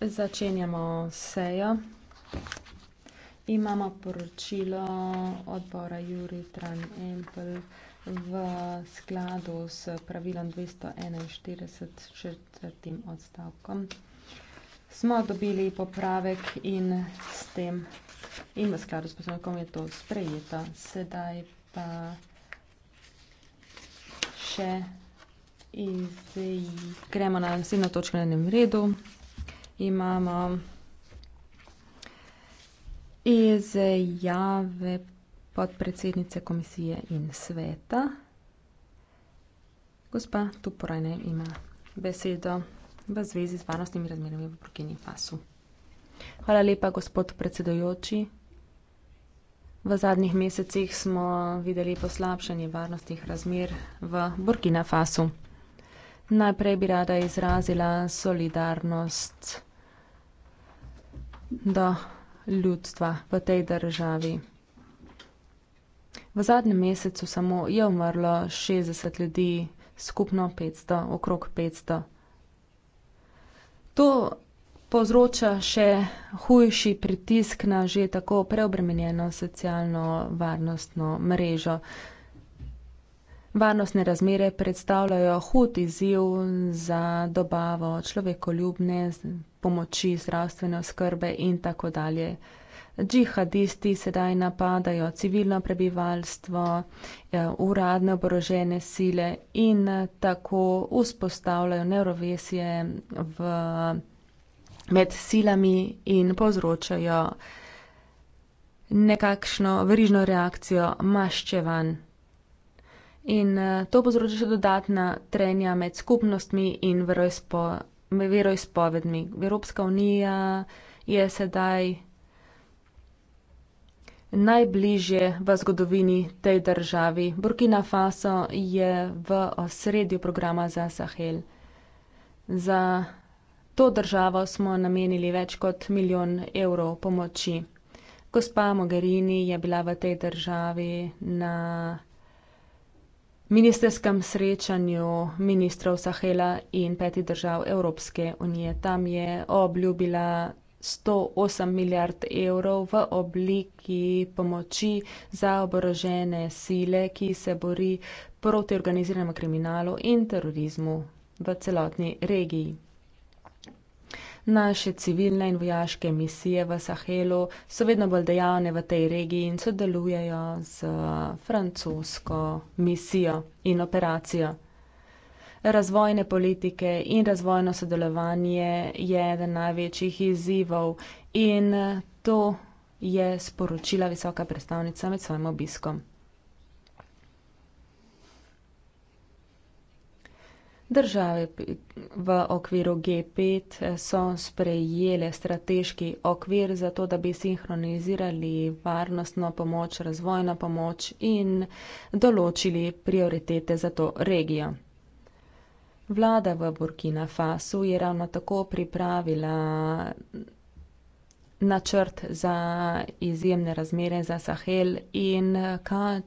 Začenjamo sejo. Imamo poročilo odbora Jurij Tran Empl v skladu s pravilom dvesto enainštirideset četrtim odstavkom. Smo dobili popravek in s tem in v skladu s poslovnikom je to sprejeto. Sedaj pa še... Zdaj gremo na naslednjo točko na enem redu. Imamo izjave podpredsednice komisije in sveta. Gospa Tuporajne ima besedo v zvezi z varnostnimi razmerami v Burkini Fasu. Hvala lepa, gospod predsedujoči. V zadnjih mesecih smo videli poslabšanje varnostnih razmer v Burkina Fasu. Najprej bi rada izrazila solidarnost do ljudstva v tej državi. V zadnjem mesecu samo je umrlo 60 ljudi, skupno 500, okrog 500. To povzroča še hujši pritisk na že tako preobremenjeno socialno varnostno mrežo. Varnostne razmere predstavljajo hud izziv za dobavo človekoljubne pomoči, zdravstvene oskrbe in tako dalje. Džihadisti sedaj napadajo civilno prebivalstvo, eh, uradne oborožene sile in eh, tako vzpostavljajo neurovesje v, med silami in povzročajo nekakšno verižno reakcijo maščevanj. In uh, to povzroča še dodatna trenja med skupnostmi in veroizpo, veroizpovedmi. Evropska unija je sedaj najbližje v zgodovini tej državi. Burkina Faso je v osredju programa za Sahel. Za to državo smo namenili več kot milijon evrov pomoči. Gospa Mogherini je bila v tej državi na ministerskem srečanju ministrov Sahela in petih držav Evropske unije. Tam je obljubila 108 milijard evrov v obliki pomoči za oborožene sile, ki se bori proti organiziranemu kriminalu in terorizmu v celotni regiji. Naše civilne in vojaške misije v Sahelu so vedno bolj dejavne v tej regiji in sodelujejo z francosko misijo in operacijo. Razvojne politike in razvojno sodelovanje je eden največjih izzivov in to je sporočila visoka predstavnica med svojim obiskom. Države v okviru G5 eh, so sprejele strateški okvir za to, da bi sinhronizirali varnostno pomoč, razvojno pomoč in določili prioritete za to regijo. Vlada v Burkina Fasu je ravno tako pripravila načrt za izjemne razmere za Sahel in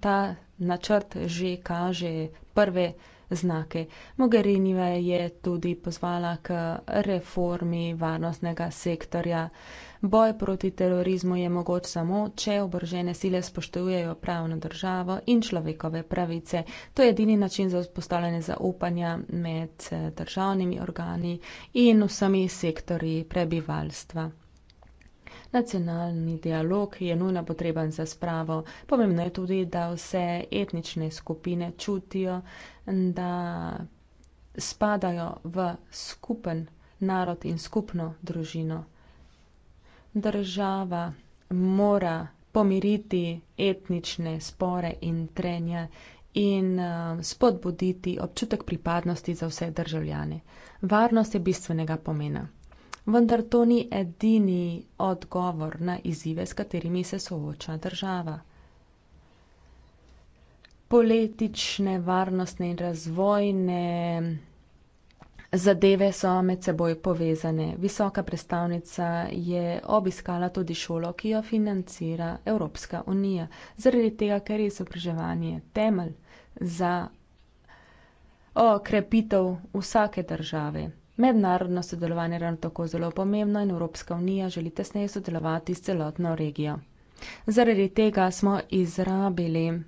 ta načrt že kaže prve znake. Mogherinjeva je tudi pozvala k reformi varnostnega sektorja. Boj proti terorizmu je mogoč samo, če obržene sile spoštujejo pravno državo in človekove pravice. To je edini način za vzpostavljanje zaupanja med eh, državnimi organi in vsemi sektori prebivalstva. Nacionalni dialog je nujno potreben za spravo. Pomembno je tudi, da vse etnične skupine čutijo, da spadajo v skupen narod in skupno družino. Država mora pomiriti etnične spore in trenja in eh, spodbuditi občutek pripadnosti za vse državljane. Varnost je bistvenega pomena. Vendar to ni edini odgovor na izzive, s katerimi se sooča država. Politične, varnostne in razvojne zadeve so med seboj povezane. Visoka predstavnica je obiskala tudi šolo, ki jo financira Evropska unija, zaradi tega, ker je izobraževanje temelj za okrepitev vsake države. Mednarodno sodelovanje je ravno tako zelo pomembno in Evropska unija želi tesneje sodelovati s celotno regijo. Zaradi tega smo izrabili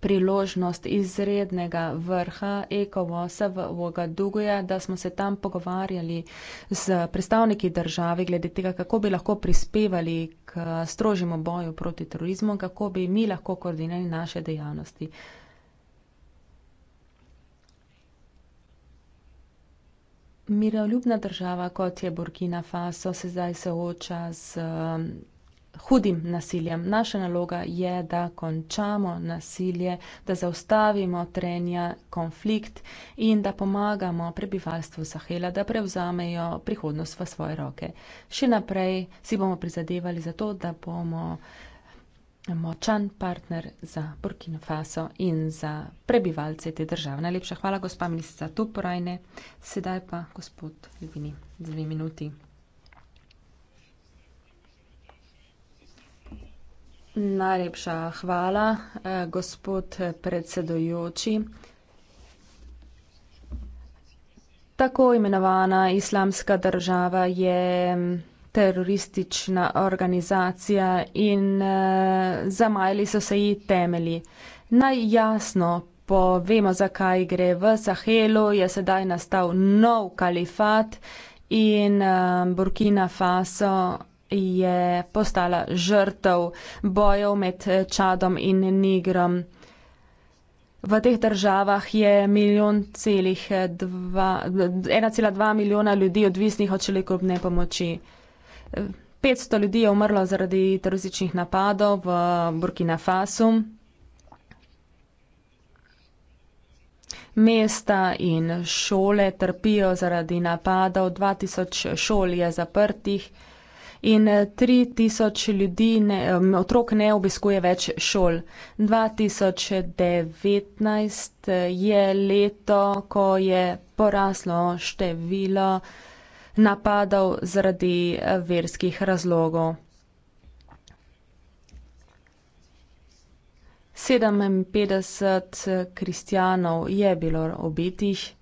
priložnost izrednega vrha Ekovosa v Vogaduguja, da smo se tam pogovarjali z predstavniki države glede tega, kako bi lahko prispevali k strožjemu boju proti terorizmu, kako bi mi lahko koordinirali naše dejavnosti. Miroljubna država, kot je Burkina Faso, se zdaj sooča z um, hudim nasiljem. Naša naloga je, da končamo nasilje, da zaustavimo trenja, konflikt in da pomagamo prebivalstvu Sahela, da prevzamejo prihodnost v svoje roke. Še naprej si bomo prizadevali za to, da bomo močan partner za Burkina Faso in za prebivalce te države. Najlepša hvala, gospa ministrica Tuporajne. Sedaj pa gospod Ljubini, dve minuti. Najlepša hvala, eh, gospod predsedujoči. Tako imenovana islamska država je teroristična organizacija in uh, zamajali so se ji temelji. Najjasno povemo, zakaj gre v Sahelu, je sedaj nastal nov kalifat in uh, Burkina Faso je postala žrtev bojev med Čadom in Nigrom. V teh državah je 1,2 milijona ljudi odvisnih od čelikobne pomoči. 500 ljudi je umrlo zaradi terorističnih napadov v Burkina Faso. Mesta in šole trpijo zaradi napadov, 2000 šol je zaprtih in 3000 ljudi, ne, otrok ne obiskuje več šol. 2019 je leto, ko je poraslo število napadal zaradi eh, verskih razlogov. 57 eh, kristjanov je bilo obitih.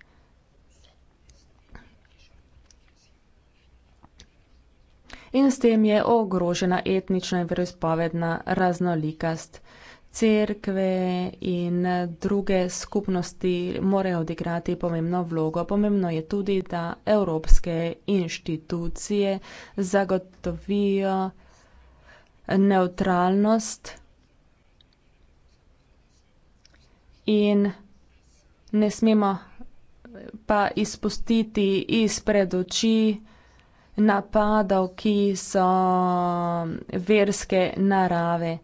In s tem je ogrožena etnična in verospovedna raznolikost crkve in eh, druge skupnosti morajo odigrati pomembno vlogo. Pomembno je tudi, da evropske inštitucije zagotovijo neutralnost in ne smemo eh, pa izpustiti izpred oči napadov, ki so mm, verske narave.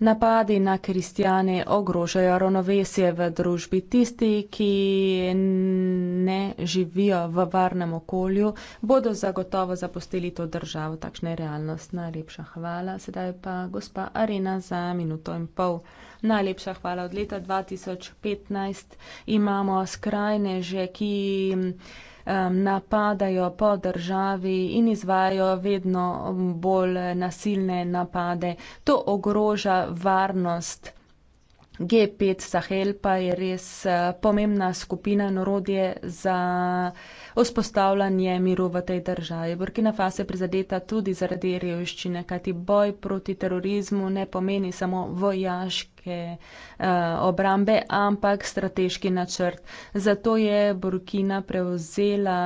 Napadi na kristijane ogrožajo ravnovesje v družbi tisti, ki ne živijo v varnem okolju, bodo zagotovo zapustili to državo, takšna je realnost. Najlepša hvala. Sedaj pa gospa Arena za minuto in pol. Najlepša hvala. Od leta 2015 imamo skrajneže, ki napadajo po državi in izvajajo vedno bolj nasilne napade. To ogroža varnost G5 Sahel pa je res eh, pomembna skupina in orodje za vzpostavljanje miru v tej državi. Burkina Faso je prizadeta tudi zaradi revščine, kajti boj proti terorizmu ne pomeni samo vojaške eh, obrambe, ampak strateški načrt. Zato je Burkina prevzela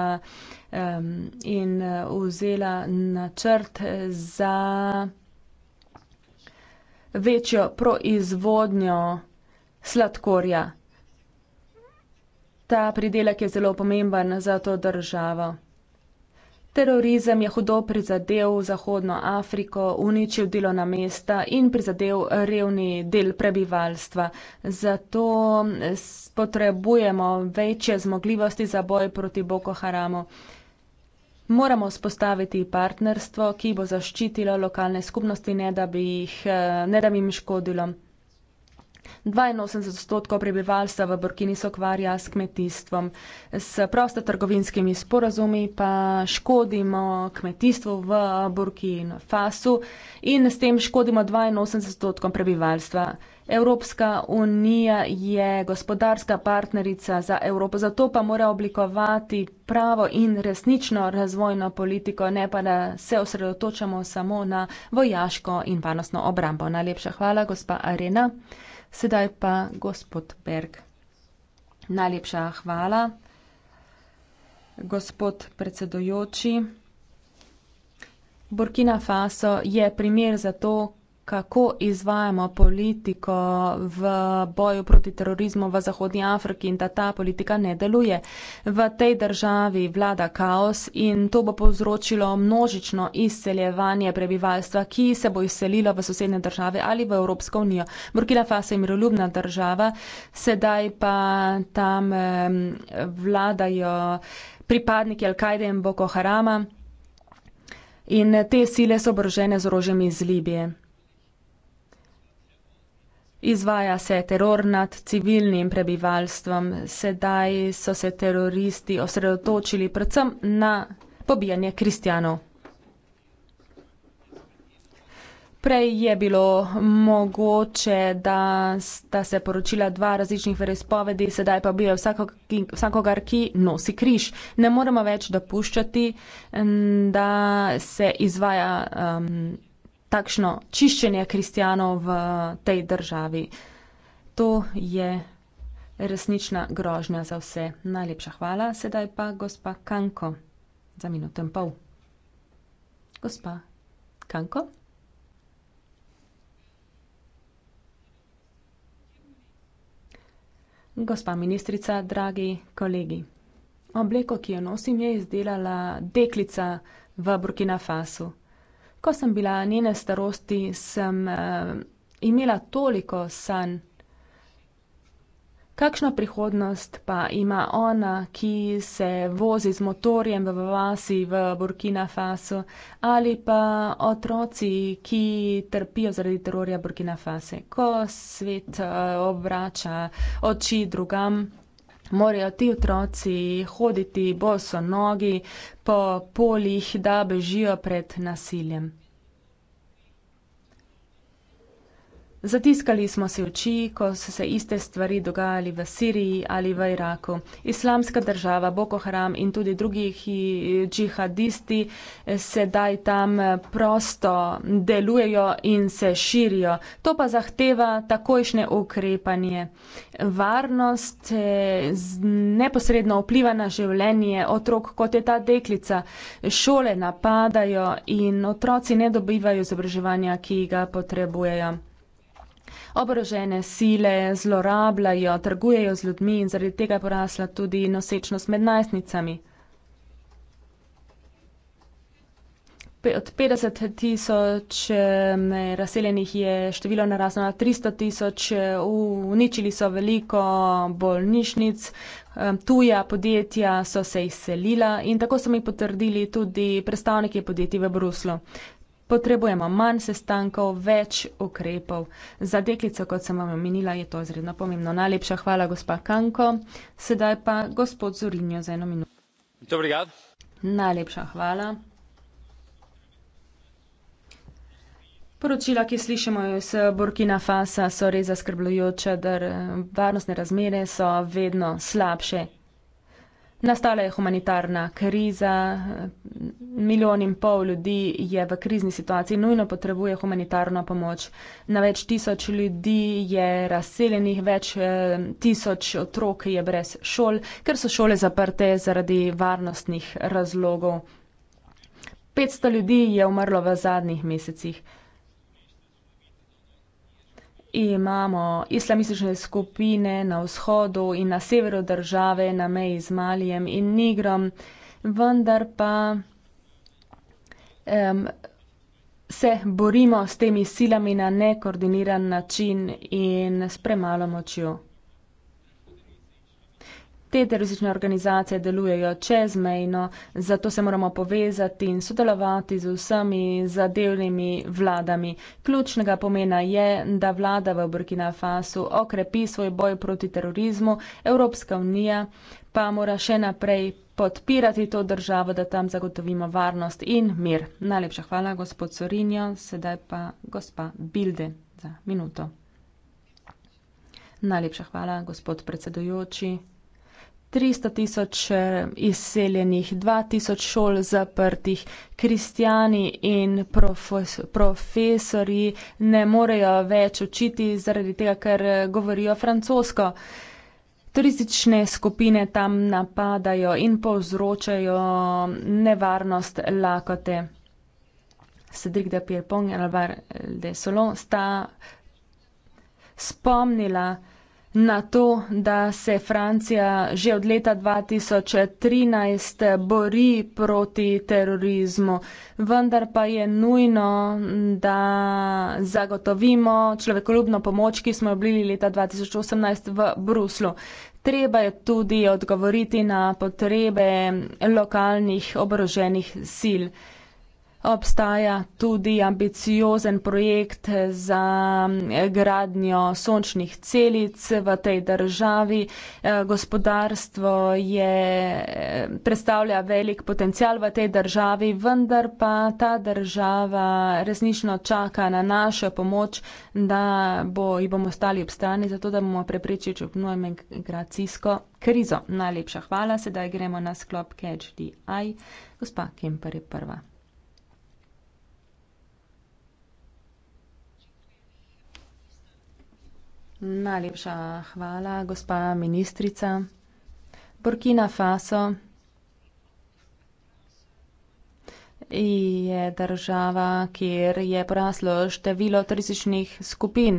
in eh, vzela načrt za večjo proizvodnjo sladkorja. Ta pridelek je zelo pomemben za to državo. Terorizem je hudo prizadel Zahodno Afriko, uničil delovna mesta in prizadel revni del prebivalstva. Zato potrebujemo večje zmogljivosti za boj proti Boko Haramu. Moramo spostaviti partnerstvo, ki bo zaščitilo lokalne skupnosti, ne da bi jih, eh, ne da bi jim škodilo. 82 odstotkov prebivalstva v Burkini se ukvarja s kmetijstvom. S prosto trgovinskimi sporazumi pa škodimo kmetijstvu v Burkini Fasu in s tem škodimo 82 odstotkom prebivalstva. Evropska unija je gospodarska partnerica za Evropo, zato pa mora oblikovati pravo in resnično razvojno politiko, ne pa da se osredotočamo samo na vojaško in varnostno obrambo. Najlepša hvala, gospa Arena. Sedaj pa gospod Berg. Najlepša hvala, gospod predsedojoči. Burkina Faso je primer za to, kako izvajamo politiko v boju proti terorizmu v Zahodnji Afriki in da ta politika ne deluje. V tej državi vlada kaos in to bo povzročilo množično izseljevanje prebivalstva, ki se bo izselilo v sosednje države ali v Evropsko unijo. Burkina Faso je miroljubna država, sedaj pa tam vladajo pripadniki Al-Kaide in Boko Harama. In te sile so oborožene z orožjem iz Libije. Izvaja se teror nad civilnim prebivalstvom. Sedaj so se teroristi osredotočili predvsem na pobijanje kristjanov. Prej je bilo mogoče, da sta se poročila dva različnih verespovedi, sedaj pa bijo vsakogar, ki nosi križ. Ne moremo več dopuščati, da se izvaja. Um, takšno čiščenje kristijanov v tej državi. To je resnična grožnja za vse. Najlepša hvala. Sedaj pa gospa Kanko za minuto in pol. Gospa Kanko. Gospa ministrica, dragi kolegi. Obleko, ki jo nosim, je izdelala deklica v Burkina Fasu. Ko sem bila njene starosti, sem uh, imela toliko sanj. Kakšno prihodnost pa ima ona, ki se vozi z motorjem v vasi v Burkina Faso ali pa otroci, ki trpijo zaradi terorja Burkina Faso, ko svet eh, obrača oči drugam? morajo ti otroci hoditi boso nogi po poljih, da bežijo pred nasiljem. Zatiskali smo si oči, ko so se iste stvari dogajali v Siriji ali v Iraku. Islamska država Boko Haram in tudi drugi džihadisti eh, sedaj tam eh, prosto delujejo in se širijo. To pa zahteva takojšnje ukrepanje. Varnost eh, neposredno vpliva na življenje otrok, kot je ta deklica. Šole napadajo in otroci ne dobivajo izobraževanja, ki ga potrebujejo oborožene sile zlorabljajo, trgujejo z ljudmi in zaradi tega je porasla tudi nosečnost med najstnicami. Od 50 tisoč razseljenih je število naraslo na 300 tisoč, uničili so veliko bolnišnic, tuja podjetja so se izselila in tako so mi potrdili tudi predstavniki podjetij v Bruslu potrebujemo manj sestankov, več ukrepov. Za deklico, kot sem vam omenila, je to izredno pomembno. Najlepša hvala, gospa Kanko. Sedaj pa gospod Zorinjo za eno minuto. Dobrigad. Najlepša hvala. Poročila, ki slišimo iz Burkina Fasa, so res zaskrbljujoče, da varnostne razmere so vedno slabše Nastala je humanitarna kriza, milijon in pol ljudi je v krizni situaciji, nujno potrebuje humanitarno pomoč. Na več tisoč ljudi je razseljenih, več eh, tisoč otrok je brez šol, ker so šole zaprte zaradi varnostnih razlogov. 500 ljudi je umrlo v zadnjih mesecih imamo islamistične skupine na vzhodu in na severu države, na meji z Malijem in Nigrom, vendar pa um, se borimo s temi silami na nekoordiniran način in s premalo močjo. Te teroristične organizacije delujejo čezmejno, zato se moramo povezati in sodelovati z vsemi zadevnimi vladami. Ključnega pomena je, da vlada v Burkina Fasu okrepi svoj boj proti terorizmu, Evropska unija pa mora še naprej podpirati to državo, da tam zagotovimo varnost in mir. Najlepša hvala, gospod Sorinjo, sedaj pa gospa Bilde za minuto. Najlepša hvala, gospod predsedujoči. 300 tisoč eh, izseljenih, 2000 šol zaprtih, kristijani in profes profesori ne morejo več učiti zaradi tega, ker eh, govorijo francosko. Turistične skupine tam napadajo in povzročajo nevarnost lakote. Cedric Depierpont in Alvar de Solon sta spomnila, na to, da se Francija že od leta 2013 bori proti terorizmu. Vendar pa je nujno, da zagotovimo človekoljubno pomoč, ki smo jo bili leta 2018 v Bruslu. Treba je tudi odgovoriti na potrebe lokalnih obroženih sil obstaja tudi ambiciozen projekt za mm, gradnjo sončnih celic v tej državi. Eh, gospodarstvo je, eh, predstavlja velik potencial v tej državi, vendar pa ta država resnično čaka na našo pomoč, da bo, ji bomo stali ob strani, zato da bomo preprečili čupnojem migracijsko krizo. Najlepša hvala, sedaj gremo na sklop Catch the Eye. Gospa Kemper je prva. Najlepša hvala, gospa ministrica. Burkina Faso je država, kjer je poraslo število terorističnih skupin,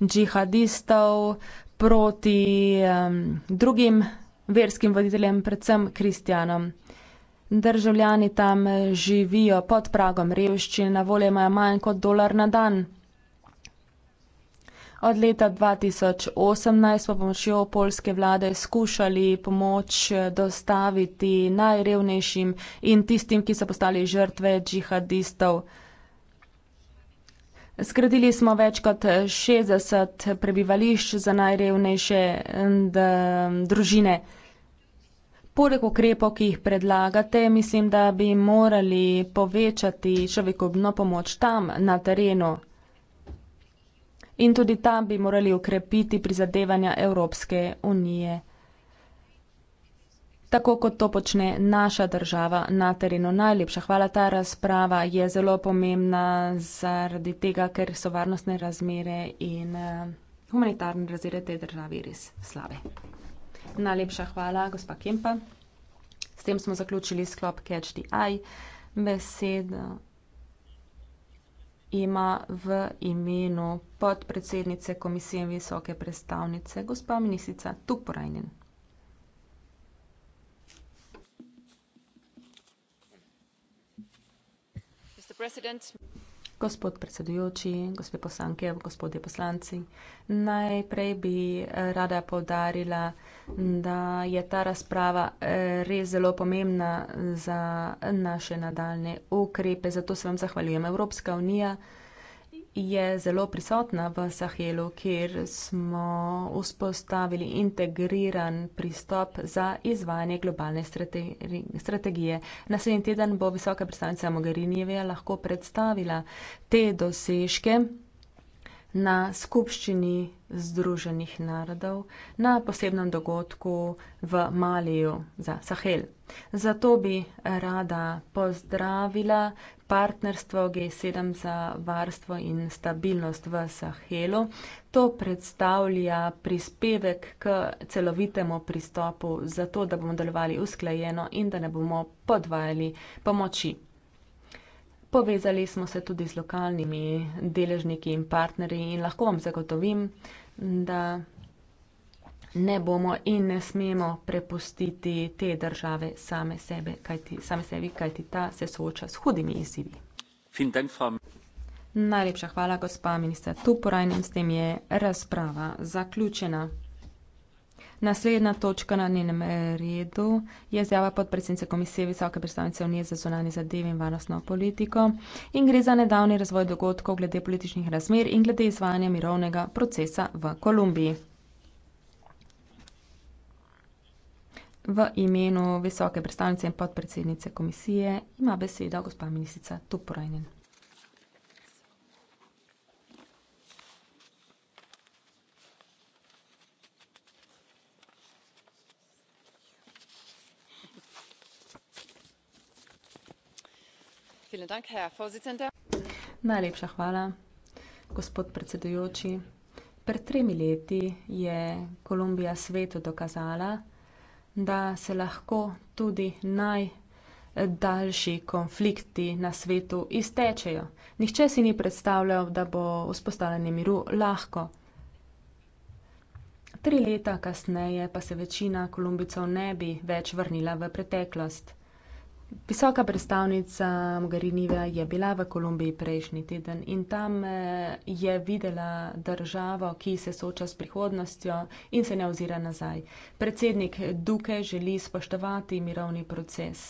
džihadistov proti um, drugim verskim voditeljem, predvsem kristjanom. Državljani tam živijo pod pragom revščine, na voljo imajo manj kot dolar na dan. Od leta 2018 pa pomočjo polske vlade skušali pomoč eh, dostaviti najrevnejšim in tistim, ki so postali žrtve džihadistov. Skradili smo več kot 60 eh, prebivališč za najrevnejše eh, družine. Poleg ukrepov, ki jih predlagate, mislim, da bi morali povečati človekobno pomoč tam, na terenu in tudi tam bi morali ukrepiti prizadevanja Evropske unije. Tako kot to počne naša država na terenu. Najlepša hvala. Ta razprava je zelo pomembna zaradi tega, ker so varnostne razmere in eh, humanitarne razmere te države res slabe. Najlepša hvala, gospa Kempa. S tem smo zaključili sklop Catch the Eye. Besedo ima v imenu podpredsednice Komisije visoke predstavnice gospa ministrica Tukporajnin. Gospod predsednik, Gospod predsedujoči, gospe poslanke, gospodje poslanci, najprej bi eh, rada povdarila, da je ta razprava eh, res zelo pomembna za naše nadaljne ukrepe, zato se vam zahvaljujem. Evropska unija je zelo prisotna v Sahelu, kjer smo vzpostavili integriran pristop za izvajanje globalne strategi strategije. Naslednji teden bo visoka predstavnica Mogherinjeve lahko predstavila te dosežke na skupščini Združenih narodov na posebnem dogodku v Maliju za Sahel. Zato bi rada pozdravila partnerstvo G7 za varstvo in stabilnost v Sahelu. To predstavlja prispevek k celovitemu pristopu, zato da bomo delovali usklajeno in da ne bomo podvajali pomoči. Povezali smo se tudi z lokalnimi deležniki in partnerji in lahko vam zagotovim, da ne bomo in ne smemo prepustiti te države same sebe, kajti, same sebi, kajti ta se sooča s hudimi izzivi. Najlepša hvala, gospa ministra Tuporajn, in s tem je razprava zaključena. Naslednja točka na njenem redu je zjava podpredsednice Komisije Visoke predstavnice Unije za zunanje zadeve in varnostno politiko in gre za nedavni razvoj dogodkov glede političnih razmer in glede izvajanja mirovnega procesa v Kolumbiji. V imenu visoke predstavnice in podpredsednice komisije ima beseda gospa ministrica Tuporajnen. Najlepša hvala, gospod predsedujoči. Pred tremi leti je Kolumbija svetu dokazala, da se lahko tudi najdaljši konflikti na svetu iztečejo. Nihče si ni predstavljal, da bo vzpostavljanje miru lahko. Tri leta kasneje pa se večina Kolumbicov ne bi več vrnila v preteklost. Visoka predstavnica Mogherinive je bila v Kolumbiji prejšnji teden in tam eh, je videla državo, ki se sooča s prihodnostjo in se ne ozira nazaj. Predsednik Duke želi spoštovati mirovni proces.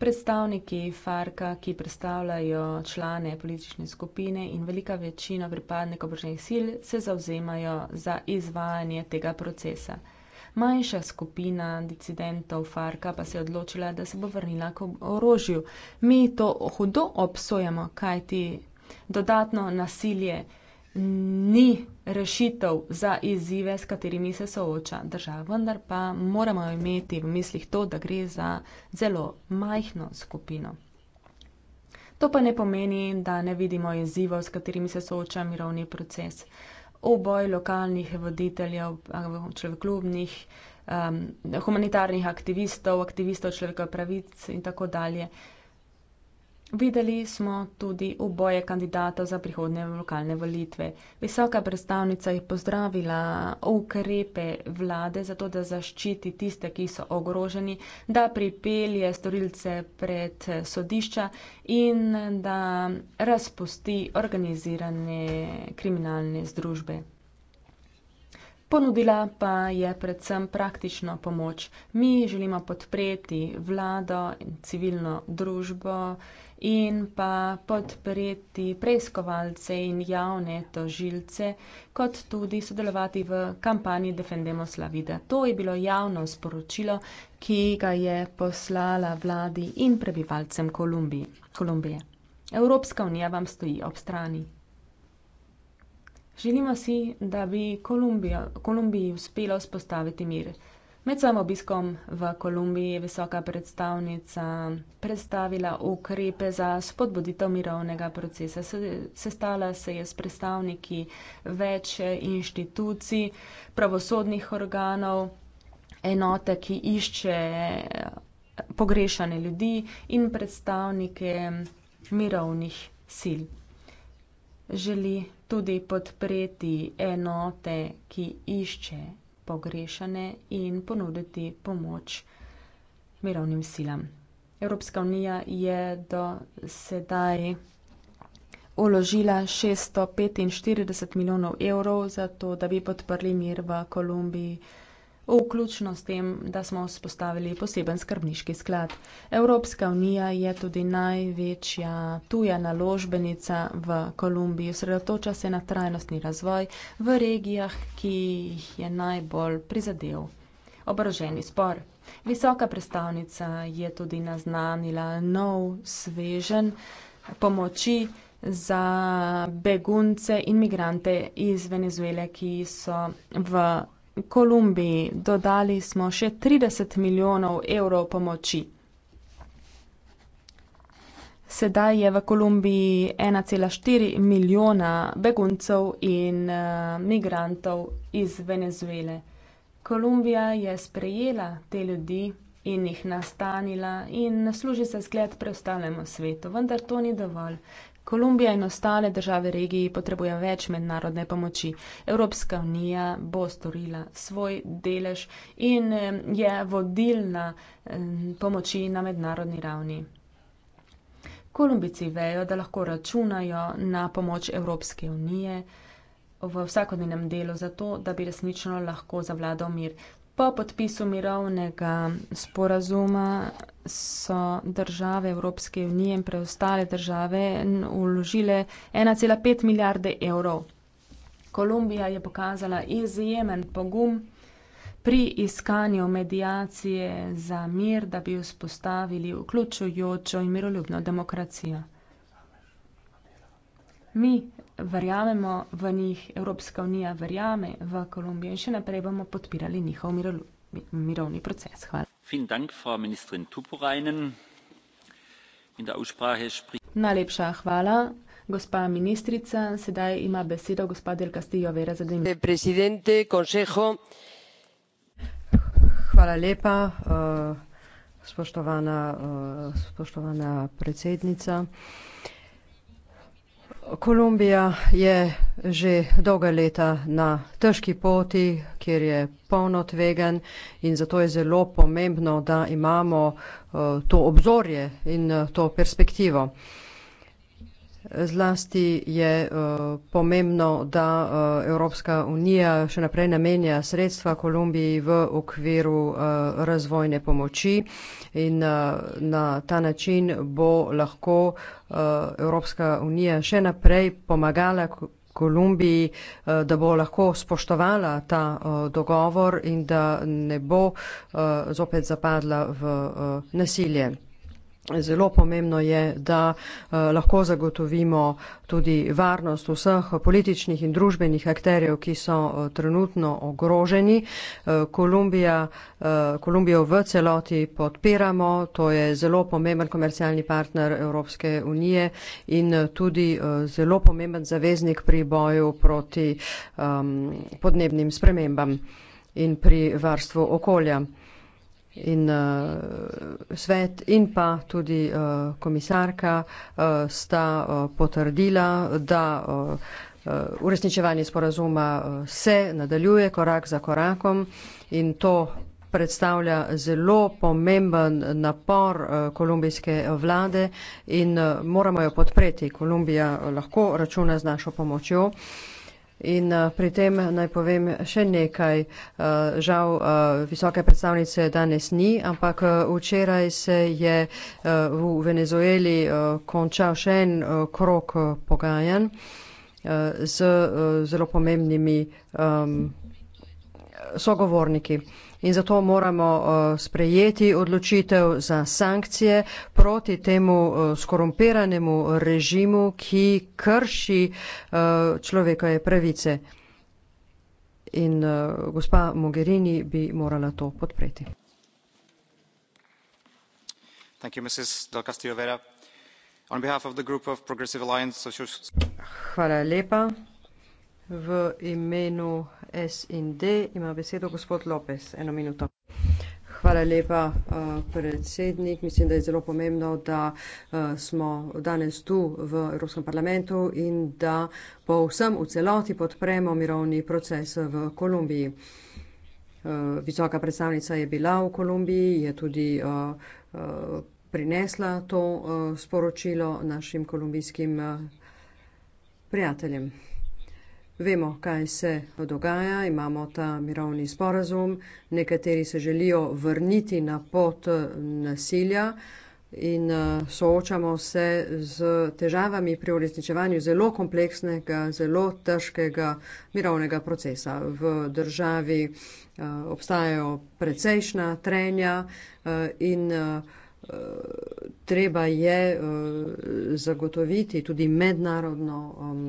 Predstavniki Farka, ki predstavljajo člane politične skupine in velika večina pripadnikov obrožnih sil, se zauzemajo za izvajanje tega procesa. Manjša skupina disidentov Farka pa se je odločila, da se bo vrnila k orožju. Mi to hudo obsojamo, kajti dodatno nasilje ni rešitev za izzive, s katerimi se sooča država. Vendar pa moramo imeti v mislih to, da gre za zelo majhno skupino. To pa ne pomeni, da ne vidimo izzivov, s katerimi se sooča mirovni proces oboj lokalnih voditeljev, človeklubnih, um, humanitarnih aktivistov, aktivistov človekove pravice in tako dalje. Videli smo tudi oboje kandidata za prihodne lokalne volitve. Visoka predstavnica je pozdravila ukrepe vlade za to, da zaščiti tiste, ki so ogroženi, da pripelje storilce pred sodišča in da razpusti organizirane kriminalne združbe. Ponudila pa je predvsem praktično pomoč. Mi želimo podpreti vlado in civilno družbo in pa podpreti preiskovalce in javne tožilce, kot tudi sodelovati v kampanji Defendemo Slavida. To je bilo javno sporočilo, ki ga je poslala vladi in prebivalcem Kolumbije. Kolumbije. Evropska unija vam stoji ob strani. Želimo si, da bi Kolumbijo, Kolumbiji uspelo spostaviti mir. Med samo obiskom v Kolumbiji je visoka predstavnica predstavila ukrepe za spodbuditev mirovnega procesa. Sestala se je s predstavniki več inštitucij, pravosodnih organov, enote, ki išče eh, pogrešane ljudi in predstavnike mirovnih sil. Želi tudi podpreti enote, ki išče pogrešane in ponuditi pomoč mirovnim silam. Evropska unija je do sedaj uložila 645 milijonov evrov za to, da bi podprli mir v Kolumbiji vključno s tem, da smo vzpostavili poseben skrbniški sklad. Evropska unija je tudi največja tuja naložbenica v Kolumbiji, sredotoča se na trajnostni razvoj v regijah, ki jih je najbolj prizadel oboroženi spor. Visoka predstavnica je tudi naznanila nov svežen pomoči za begunce in migrante iz Venezuele, ki so v Kolumbiji dodali smo še 30 milijonov evrov pomoči. Sedaj je v Kolumbiji 1,4 milijona beguncev in uh, migrantov iz Venezuele. Kolumbija je sprejela te ljudi in jih nastanila in služi se zgled preostalemu svetu, vendar to ni dovolj. Kolumbija in ostale države regiji potrebujejo več mednarodne pomoči. Evropska unija bo storila svoj delež in je vodilna pomoči na mednarodni ravni. Kolumbici vejo, da lahko računajo na pomoč Evropske unije v vsakodnevnem delu za to, da bi resnično lahko zavladal mir. Po podpisu mirovnega sporazuma so države Evropske unije in preostale države uložile 1,5 milijarde evrov. Kolumbija je pokazala izjemen pogum pri iskanju medijacije za mir, da bi vzpostavili vključujočo in miroljubno demokracijo. Mi verjamemo v njih, Evropska unija verjame v Kolumbijo in še naprej bomo podpirali njihov mirovni proces. Hvala. Najlepša hvala, gospa ministrica, sedaj ima besedo gospa del Castillo Vera za. Hvala lepa, eh, spoštovana, eh, spoštovana predsednica. Kolumbija je že dolga leta na težki poti, kjer je polno tvegan in zato je zelo pomembno, da imamo eh, to obzorje in eh, to perspektivo. Zlasti je uh, pomembno, da uh, Evropska unija še naprej namenja sredstva Kolumbiji v okviru uh, razvojne pomoči in uh, na ta način bo lahko uh, Evropska unija še naprej pomagala Kolumbiji, uh, da bo lahko spoštovala ta uh, dogovor in da ne bo uh, zopet zapadla v uh, nasilje. Zelo pomembno je, da eh, lahko zagotovimo tudi varnost vseh političnih in družbenih akterjev, ki so eh, trenutno ogroženi. Eh, Kolumbija, Kolumbijo v celoti podpiramo, to je zelo pomemben komercialni partner Evropske unije in tudi zelo pomemben zaveznik pri boju proti ehm, podnebnim spremembam in pri varstvu okolja in uh, svet in pa tudi uh, komisarka uh, sta uh, potrdila, da uh, uresničevanje sporazuma se nadaljuje korak za korakom in to predstavlja zelo pomemben napor kolumbijske vlade in moramo jo podpreti. Kolumbija lahko računa z našo pomočjo. Uh, In eh, pri tem naj povem še nekaj. Eh, žal eh, visoke predstavnice danes ni, ampak včeraj se je v Venezueli končal še en krok pogajanj z zelo pomembnimi ehm, sogovorniki in zato moramo eh, sprejeti odločitev za sankcije proti temu eh, skorumpiranemu režimu, ki krši eh, človekove pravice. In gospa Mogherini bi morala to podpreti. Hvala lepa. V imenu SND ima besedo gospod Lopez. Eno minuto. Hvala lepa, eh, predsednik. Mislim, da je zelo pomembno, da eh, smo danes tu v Evropskem parlamentu in da po vsem v celoti podpremo mirovni proces v Kolumbiji. Eh, visoka predstavnica je bila v Kolumbiji, je tudi prinesla to sporočilo našim kolumbijskim prijateljem. Vemo, kaj se dogaja, imamo ta mirovni sporazum, nekateri se želijo vrniti na pot nasilja in eh, soočamo se z težavami pri uresničevanju zelo kompleksnega, zelo težkega mirovnega procesa. V državi eh, obstajajo precejšna trenja eh, in treba je zagotoviti tudi mednarodno. Um,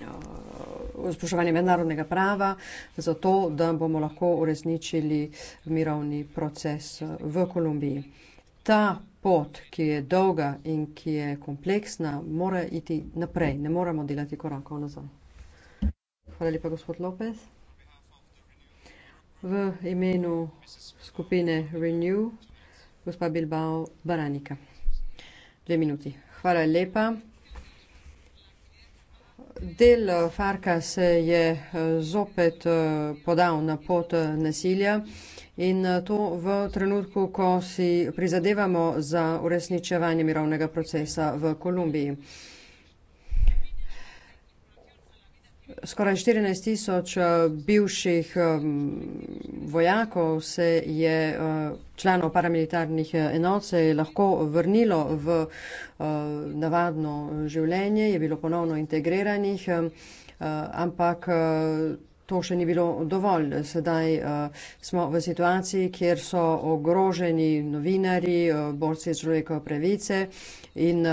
Eh, spoštovanje mednarodnega prava, zato da bomo lahko uresničili mirovni proces eh, v Kolumbiji. Ta pot, ki je dolga in ki je kompleksna, mora iti naprej, ne moremo delati korakov nazaj. Hvala lepa, gospod Lopez. V imenu skupine Renew, gospa Bilbao Baranika. Dve minuti. Hvala lepa del eh, Farka se je eh, zopet eh, podal na pot nasilja in to v trenutku, ko si prizadevamo za uresničevanje mirovnega procesa v Kolumbiji. skoraj 14 tisoč eh, bivših eh, vojakov se je eh, članov paramilitarnih enot se je lahko vrnilo v navadno življenje, je bilo ponovno integriranih, ampak to še ni bilo dovolj. Sedaj smo v situaciji, kjer so ogroženi novinari, borci človekove pravice in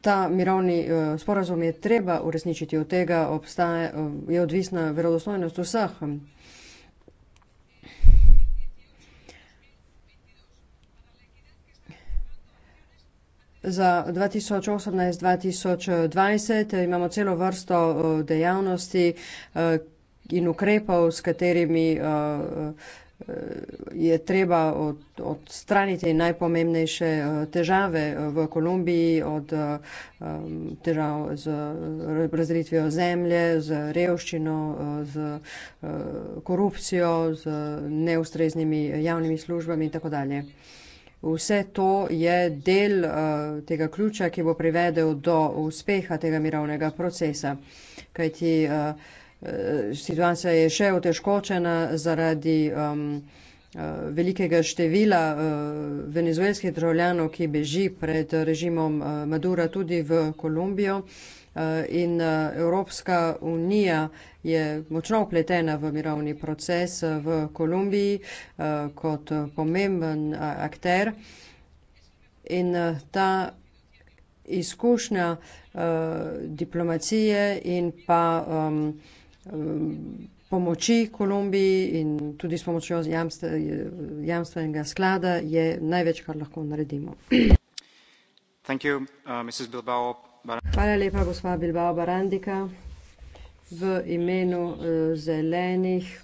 ta mirovni eh, sporazum je treba uresničiti, od tega obstaje, eh, je odvisna verodostojnost vseh. Za 2018-2020 eh, imamo celo vrsto dejavnosti in ukrepov, s katerimi je treba od, odstraniti najpomembnejše eh, težave eh, v Kolumbiji, od eh, težav z razdelitvijo zemlje, z revščino, z korupcijo, z neustreznimi javnimi službami in tako dalje. Vse to je del tega ključa, ki bo privedel do uspeha tega mirovnega procesa. Kajti, Eh, situacija je še otežkočena zaradi um, eh, velikega števila uh, venezuelskih državljanov, ki beži pred režimom uh, Madura tudi v Kolumbijo. In Evropska unija je močno upletena v mirovni proces v Kolumbiji kot pomemben akter. In ta izkušnja diplomacije in pa um, Eh, pomoči Kolumbiji in tudi s pomočjo jamstve, jamstvenega sklada je največ, kar lahko naredimo. You, uh, Bilbao, Hvala lepa, gospa Bilbao Barandika. V imenu uh, zelenih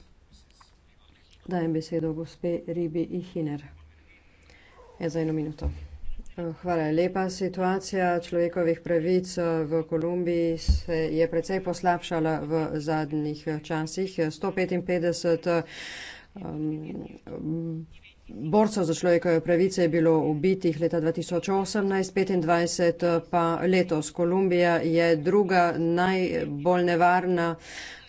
dajem besedo gospe Ribi Ihiner. Je ja, za eno minuto. Hvala lepa. Situacija človekovih pravic eh, v Kolumbiji se je precej poslabšala v zadnjih eh, časih. 155 um, eh, mm, Borcev za človekove pravice je bilo ubitih leta 2018-2025, pa letos Kolumbija je druga najbolj nevarna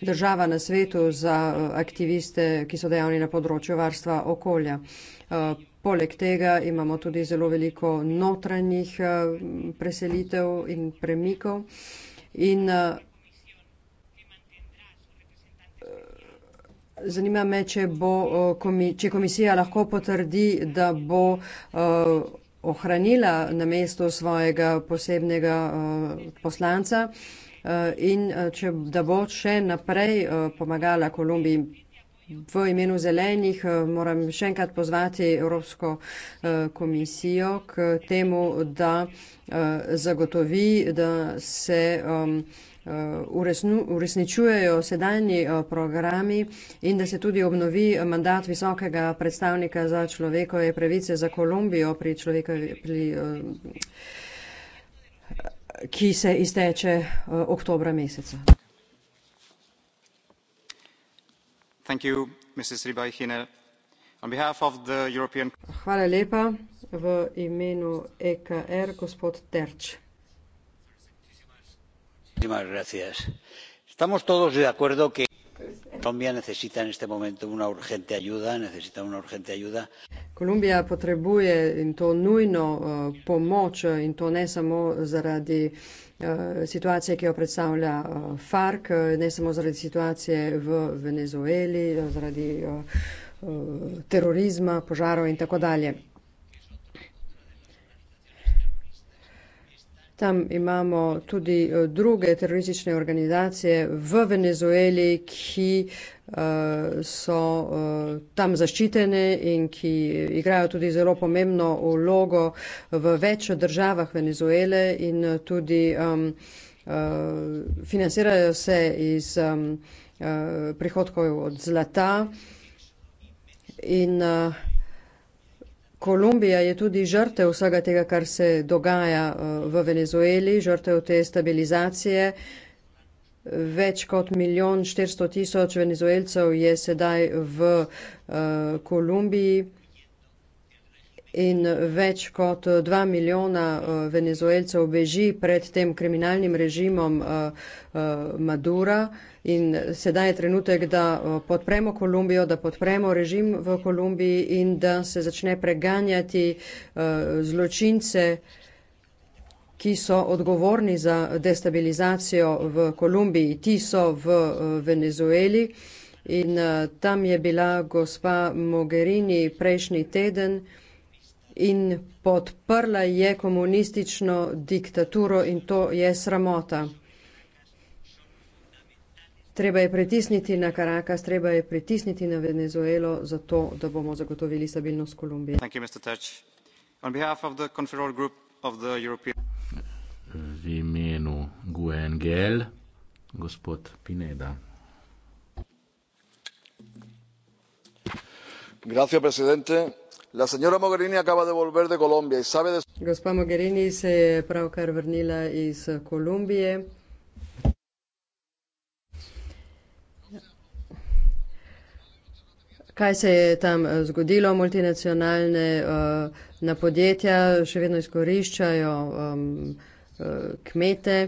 država na svetu za aktiviste, ki so dejavni na področju varstva okolja. Poleg tega imamo tudi zelo veliko notranjih eh, preselitev in premikov. In eh, zanima me, če, bo, eh, če komisija lahko potrdi, da bo ohranila na mestu svojega posebnega poslanca in če, da bo še naprej pomagala Kolumbiji V imenu zelenih eh, moram še enkrat pozvati Evropsko eh, komisijo k temu, da eh, zagotovi, da se um, uresničujejo sedajni programi in da se tudi obnovi mandat visokega predstavnika za človekove pravice za Kolumbijo pri človekovi ki se izteče oktobra meseca. Hvala lepa. V imenu EKR, gospod Terč. Kolumbija potrebuje, in to nujno, eh, pomoč, eh, in to ne samo zaradi, Eh, situacije, ki jo predstavlja eh, FARC, eh, ne samo zaradi situacije v Venezueli, zaradi terorizma, požarov in tako dalje. Tam imamo tudi eh, druge teroristične organizacije v Venezueli, ki eh, so eh, tam zaščitene in ki igrajo tudi zelo pomembno vlogo v več državah Venezuele in tudi um, financirajo se iz um, prihodkov od zlata. In, uh, Kolumbija je tudi žrtev vsega tega, kar se dogaja eh, v Venezueli, žrtev te stabilizacije. Več kot milijon 400 tisoč venezuelcev je sedaj v uh, Kolumbiji in več kot eh, dva milijona eh, venezuelcev beži pred tem kriminalnim režimom eh, Madura. In sedaj je trenutek, da podpremo Kolumbijo, da podpremo režim v Kolumbiji in da se začne preganjati zločince, ki so odgovorni za destabilizacijo v Kolumbiji. Ti so v Venezueli in tam je bila gospa Mogherini prejšnji teden in podprla je komunistično diktaturo in to je sramota. Treba je pritisniti na Karakas, treba je pritisniti na Venezuelo, zato da bomo zagotovili stabilnost Kolumbije. You, European... V imenu Guen Gel, gospod Pineda. Gracias, presidente. La señora Mogherini acaba de volver de Colombia y sabe de. Gospa Mogherini se je pravkar vrnila iz Kolumbije. Kaj se je tam eh, zgodilo? Multinacionalne uh, na podjetja še vedno izkoriščajo um, kmete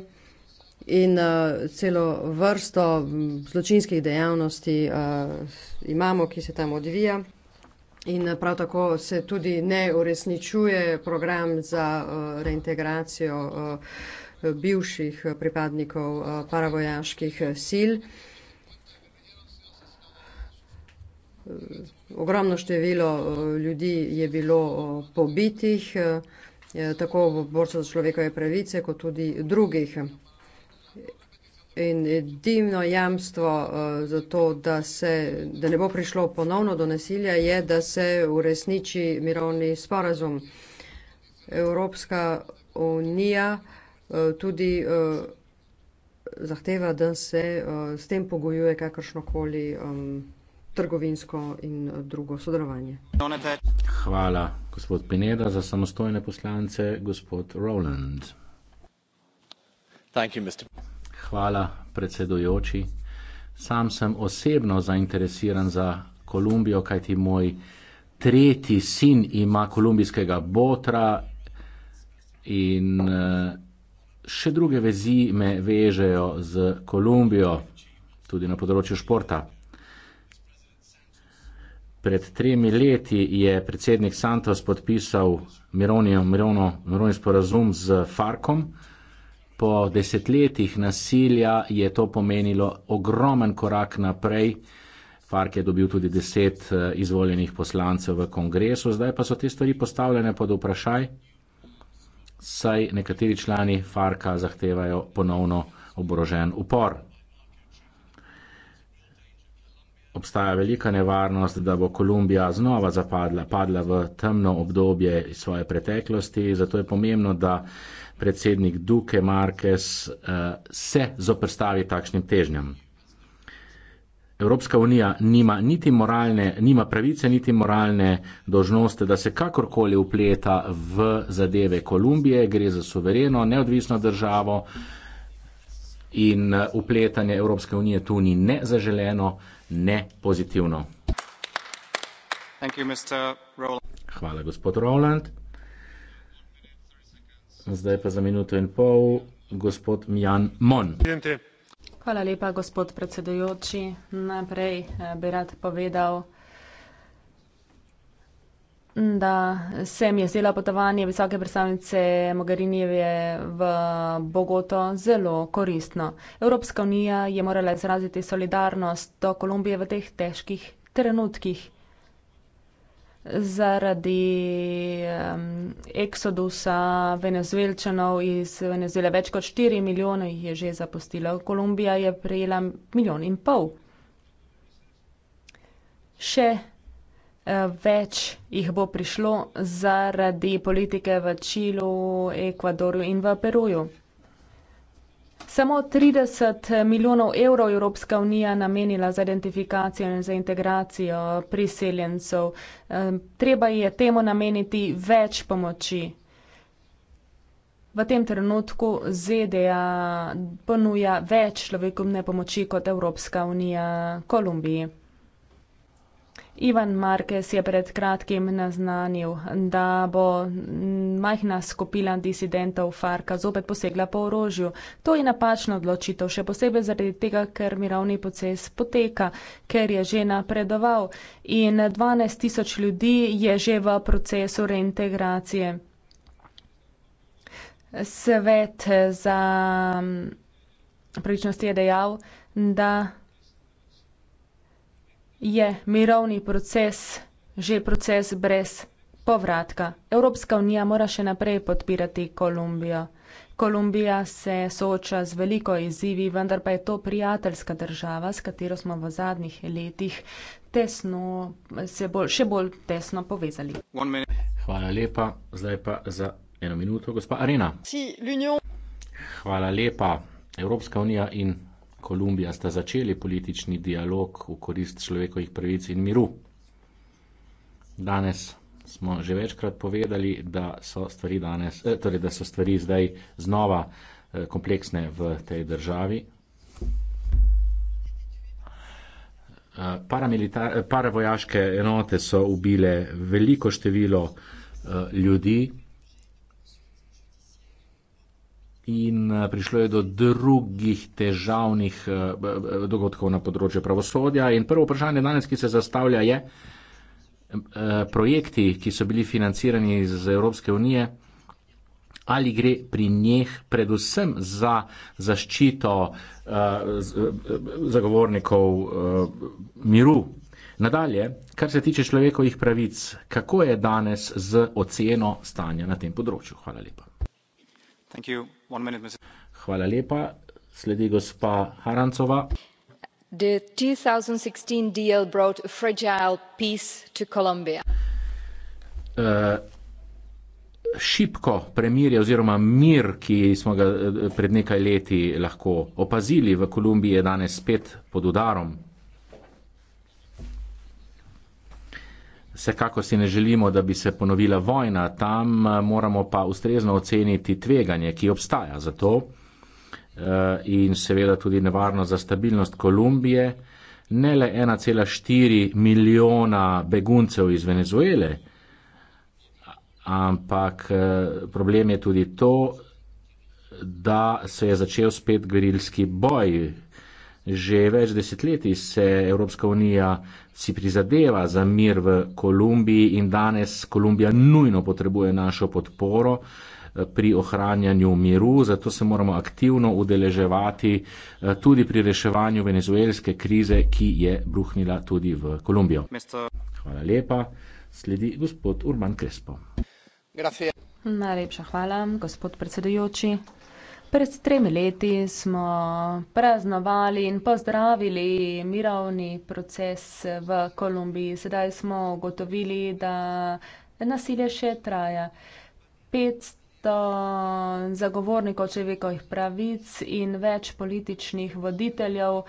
in uh, celo vrsto mm, zločinskih dejavnosti uh, imamo, ki se tam odvija. In eh, prav tako se tudi ne uresničuje program za eh, reintegracijo eh, bivših pripadnikov paravojaških sil. Ogromno število ljudi je bilo pobitih, tako v borcu za človekove pravice kot tudi drugih in edino jamstvo eh, za to, da, se, da ne bo prišlo ponovno do nasilja, je, da se uresniči mirovni sporazum. Evropska unija eh, tudi eh, zahteva, da se s tem pogojuje kakršnokoli trgovinsko in drugo sodelovanje. Hvala, gospod Pineda, za samostojne poslance, gospod Roland. Thank you, Mr. Hvala, predsedujoči. Sam sem osebno zainteresiran za Kolumbijo, kajti moj tretji sin ima kolumbijskega botra in eh, še druge vezi me vežejo z Kolumbijo, tudi na področju športa. Pred tremi leti je predsednik Santos podpisal mirovni, mirovno, mirovni sporazum z Farkom po desetletjih nasilja je to pomenilo ogromen korak naprej. Fark je dobil tudi deset eh, izvoljenih poslancev v kongresu, zdaj pa so te stvari postavljene pod vprašaj, saj nekateri člani Farka zahtevajo ponovno oborožen upor. Obstaja velika nevarnost, da bo Kolumbija znova zapadla, padla v temno obdobje svoje preteklosti, zato je pomembno, da predsednik Duke Marques eh, se zoprstavi takšnim težnjam. Evropska unija nima, niti moralne, nima pravice, niti moralne dožnosti, da se kakorkoli upleta v zadeve Kolumbije, gre za suvereno, neodvisno državo in upletanje eh, Evropske unije tu ni ne zaželeno, ne pozitivno. You, Hvala, gospod Rowland. Zdaj pa za minuto in pol gospod Mjan Mon. Hvala lepa, gospod predsedujoči. Najprej eh, bi rad povedal, da se mi je zdelo potovanje visoke predstavnice Mogherinijeve v Bogoto zelo koristno. Evropska unija je morala izraziti solidarnost do Kolumbije v teh težkih trenutkih zaradi um, eksodusa venezuelčanov iz Venezuele. Več kot 4 milijone jih je že zapustilo. Kolumbija je prejela milijon in pol. Še uh, več jih bo prišlo zaradi politike v Čilu, Ekvadoru in v Peruju. Samo 30 milijonov evrov Evropska unija namenila za identifikacijo in za integracijo priseljencev. Treba je temu nameniti več pomoči. V tem trenutku ZDA ponuja več človekovne pomoči kot Evropska unija Kolumbiji. Ivan Marques je pred kratkim naznanil, da bo majhna skupina disidentov Farka zopet posegla po orožju. To je napačna odločitev, še posebej zaradi tega, ker mirovni proces poteka, ker je že napredoval in 12 tisoč ljudi je že v procesu reintegracije. Svet za pravičnost je dejal, da je mirovni proces že proces brez povratka. Evropska unija mora še naprej podpirati Kolumbijo. Kolumbija se sooča z veliko izzivi, vendar pa je to prijateljska država, s katero smo v zadnjih letih tesno, se bolj, še bolj tesno povezali. Hvala lepa, zdaj pa za eno minuto, gospa Arena. Hvala lepa, Evropska unija in Kolumbija sta začeli politični dialog v korist človekovih pravic in miru. Danes smo že večkrat povedali, da so stvari, danes, eh, torej, da so stvari zdaj znova eh, kompleksne v tej državi. Eh, paravojaške enote so ubile veliko število ljudi, in eh, prišlo je do drugih težavnih eh, eh, dogodkov na področju pravosodja. In prvo vprašanje danes, ki se zastavlja, je projekti, ki so bili financirani iz Evropske unije, ali gre pri njih predvsem za zaščito zagovornikov miru. Nadalje, kar se tiče človekovih pravic, kako je danes z oceno stanja na tem področju? Hvala lepa. Hvala lepa. Sledi gospa Harancova. The 2016 deal brought a fragile peace to Colombia. Eh, šibko premirje oziroma mir, ki smo ga eh, pred nekaj leti lahko opazili v Kolumbiji, je danes spet pod udarom. Sekako si ne želimo, da bi se ponovila vojna, tam eh, moramo pa ustrezno oceniti tveganje, ki obstaja za to eh, in seveda tudi nevarno za stabilnost Kolumbije. Ne le 1,4 milijona beguncev iz Venezuele, ampak eh, problem je tudi to, da se je začel spet gorilski boj Že več desetletij se Evropska unija si prizadeva za mir v Kolumbiji in danes Kolumbija nujno potrebuje našo podporo eh, pri ohranjanju miru, zato se moramo aktivno udeleževati eh, tudi pri reševanju venezuelske krize, ki je bruhnila tudi v Kolumbijo. Hvala lepa. Sledi gospod Urban Crespo. Najlepša hvala, gospod predsedujoči. Pred tremi leti smo praznovali in pozdravili mirovni proces v Kolumbiji. Sedaj smo ugotovili, da nasilje še traja. 500 zagovornikov človekovih pravic in več političnih voditeljev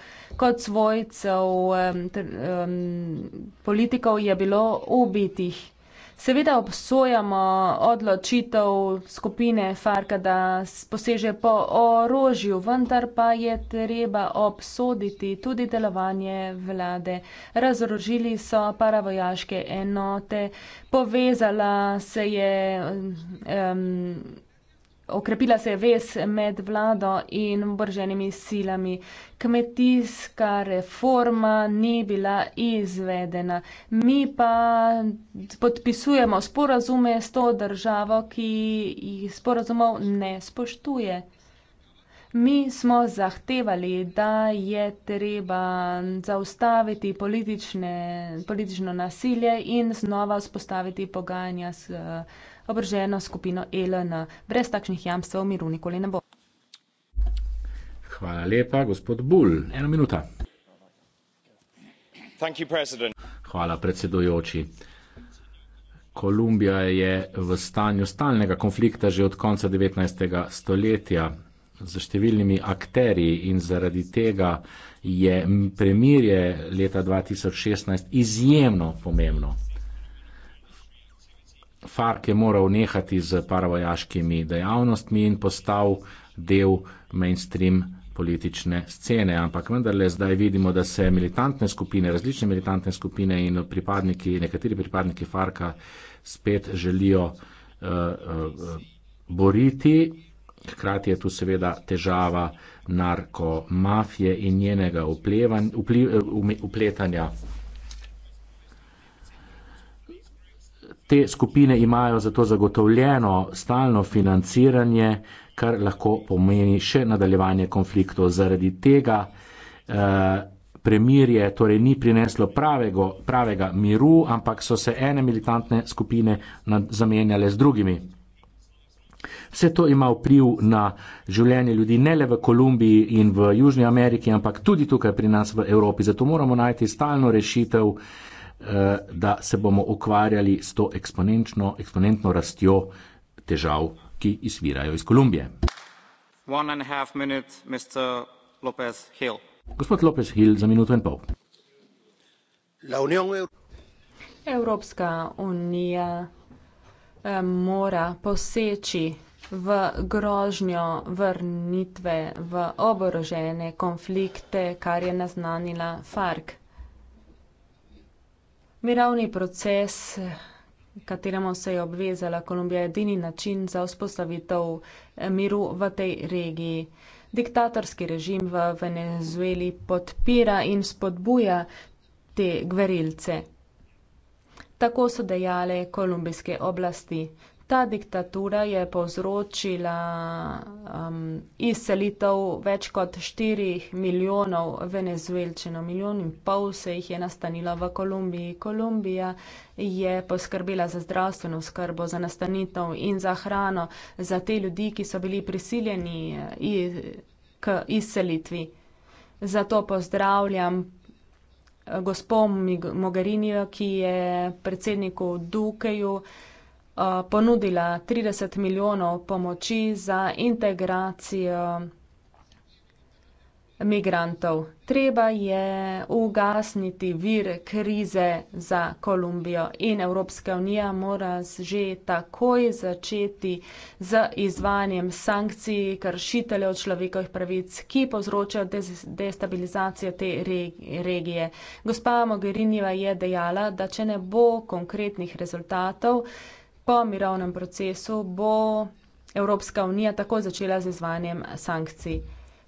kot svojcev politikov je bilo ubitih. Seveda obsojamo odločitev skupine Farka, da poseže po orožju, vendar pa je treba obsoditi tudi delovanje vlade. Razorožili so paravojaške enote, povezala se je. Um, okrepila se je vez med vlado in oboroženimi silami. Kmetijska reforma ni bila izvedena. Mi pa podpisujemo sporazume s to državo, ki jih sporazumov ne spoštuje. Mi smo zahtevali, da je treba zaustaviti politične, politično nasilje in znova spostaviti pogajanja s uh, obrženo skupino ELN. Brez takšnih jamstv v miru nikoli ne bo. Hvala lepa, gospod Bull. Eno minuta. Hvala, predsedujoči. Kolumbija je v stanju stalnega konflikta že od konca 19. stoletja z številnimi akterji in zaradi tega je premirje leta 2016 izjemno pomembno. Fark je moral nehati z paravojaškimi dejavnostmi in postal del mainstream politične scene. Ampak vendarle zdaj vidimo, da se militantne skupine, različne militantne skupine in pripadniki, nekateri pripadniki Farka spet želijo uh, uh, boriti. Hkrati je tu seveda težava narkomafije in njenega vplevan, vpli, uh, eh, upletanja. Te skupine imajo zato zagotovljeno stalno financiranje, kar lahko pomeni še nadaljevanje konfliktov. Zaradi tega eh, premirje torej ni prineslo pravego, pravega miru, ampak so se ene militantne skupine nad, zamenjale z drugimi. Vse to ima vpliv na življenje ljudi ne le v Kolumbiji in v Južni Ameriki, ampak tudi tukaj pri nas v Evropi. Zato moramo najti stalno rešitev eh, Eh, da se bomo ukvarjali s to eksponenčno, eksponentno rastjo težav, ki izvirajo iz Kolumbije. Minute, Gospod Lopez Hill, za minuto in pol. Evropska unija eh, mora poseči v grožnjo vrnitve v oborožene konflikte, kar je naznanila FARC. Mirovni proces, kateremu se je obvezala Kolumbija, je edini način za vzpostavitev miru v tej regiji. Diktatorski režim v Venezueli podpira in spodbuja te gverilce. Tako so dejale kolumbijske oblasti ta diktatura je povzročila um, izselitev več kot 4 milijonov venezuelčinov, milijon in pol se jih je nastanila v Kolumbiji. Kolumbija je poskrbela za zdravstveno skrbo, za nastanitev in za hrano za te ljudi, ki so bili prisiljeni k izselitvi. Zato pozdravljam eh, gospod Mogherini, ki je predsedniku Dukeju. Eh, ponudila 30 milijonov pomoči za integracijo migrantov. Treba je ugasniti vir krize za Kolumbijo in Evropska unija mora že takoj začeti z izvanjem sankcij kršiteljev človekovih pravic, ki povzročajo destabilizacijo te regije. Gospa Mogherinjeva je dejala, da če ne bo konkretnih rezultatov, po mirovnem procesu bo Evropska unija tako začela z izvanjem sankcij.